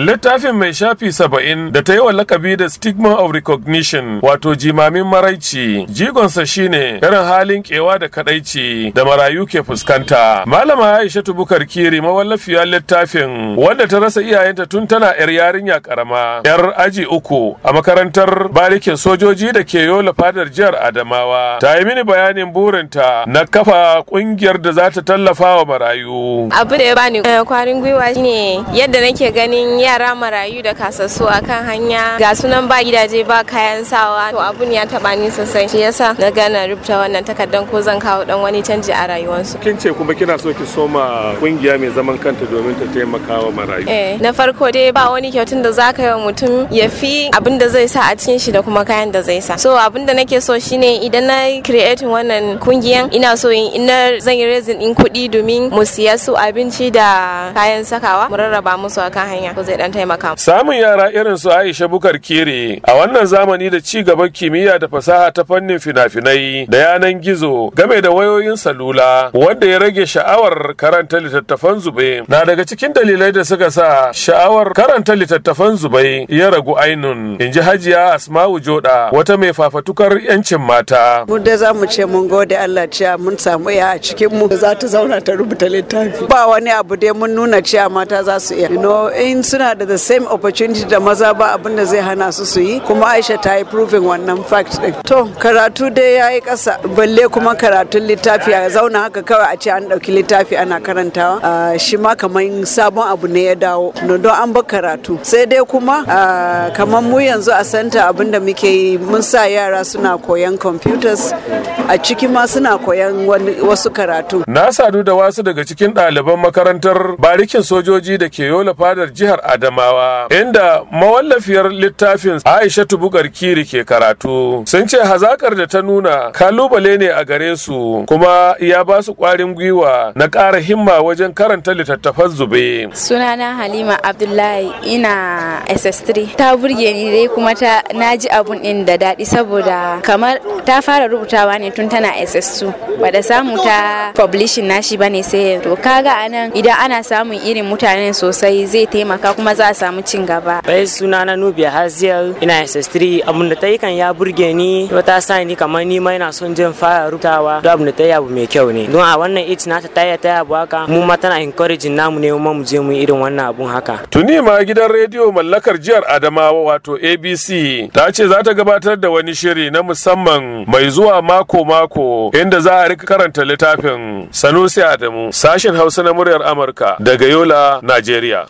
Littafin mai shafi saba'in da ta yi wa lakabi da Stigma of Recognition wato jimamin maraici jigonsa shine irin halin kewa da kadaici da marayu ke fuskanta. Malama Aisha Bukar Kiri mawallafiyar littafin wanda ta rasa iyayenta tun tana yar yarinya karama yar aji uku a makarantar barikin sojoji da ke yola fadar jihar Adamawa. Ta yi mini bayanin burinta na kafa kungiyar da za ta tallafa wa marayu. Abu da ya bani eh, kwarin gwiwa shine yadda nake ganin ya. yara marayu da kasassu a kan hanya ga sunan ba gidaje ba kayan sawa to abun ya taba ni sosai shi yasa na gana rubuta wannan takardan ko zan kawo dan wani canji a rayuwarsu kin ce kuma kina so ki soma kungiya mai zaman kanta domin ta taimaka wa marayu eh na farko dai ba wani kyautun da zaka yi wa mutum ya fi abin da zai sa a cikin shi da kuma kayan da zai sa so abin da nake so shine idan na creating wannan kungiyan ina so in na zan yi raising din kuɗi domin mu siya su abinci da kayan sakawa mu rarraba musu a kan hanya ko zai dan taimaka. Samun yara irin su Aisha Bukar Kere a wannan zamani da ci gaban kimiyya da fasaha ta fannin fina-finai da yanan gizo game da wayoyin salula wanda ya rage sha'awar karanta littattafan zube na daga cikin dalilai da suka sa sha'awar karanta littattafan zube ya ragu ainun Inji hajiya Asma'u Joda wata mai fafatukar 'yancin mata. Mun dai za mu ce mun gode Allah cewa mun samu ya a cikin mu za ta zauna ta rubuta littafi. Ba wani abu dai mun nuna cewa mata za su iya. in suna suna da the same opportunity da maza ba abin da zai hana su su yi kuma Aisha ta yi proving wannan fact din. To karatu dai ya yi kasa. balle kuma karatun littafi a zauna haka kawai a ce an ɗauki littafi ana karantawa shi ma kamar sabon abu ne ya dawo don an ba karatu sai dai kuma kamar mu yanzu a santa abin da muke yi mun sa yara suna koyan computers a ciki ma suna koyan wasu karatu. Na sadu da wasu daga cikin ɗaliban makarantar barikin sojoji da ke yola fadar jihar Adamawa. Adamawa inda mawallafiyar littafin Aishatu Bugar Kiri ke karatu sun ce hazakar da ta nuna kalubale ne a gare su kuma ya ba su kwarin gwiwa na ƙara himma wajen karanta littattafan zube. Sunana Halima Abdullahi ina SS3 ta burge ni dai kuma ta naji abun din da daɗi saboda kamar ta fara rubutawa ne tun tana SS2 ba samu ta publishing nashi ne sai to kaga anan idan ana samun irin mutanen sosai zai taimaka kuma kuma za a samu cin gaba. Bai suna na Nubia Haziyar ina SS3 abin da ta yi kan ya burge ni kuma ta sa ni kamar ni ma ina son jin fara rutawa don abin da ta yi abu mai kyau ne. Don a wannan it na ta taya ta yabo haka mu ma tana encouraging namu ne mu mu je mu irin wannan abun haka. Tuni ma gidan rediyo mallakar jihar Adamawa wato ABC ta ce za ta gabatar da wani shiri na musamman mai zuwa mako-mako inda za a rika karanta littafin Sanusi Adamu sashen Hausa na muryar Amurka daga Yola, Najeriya.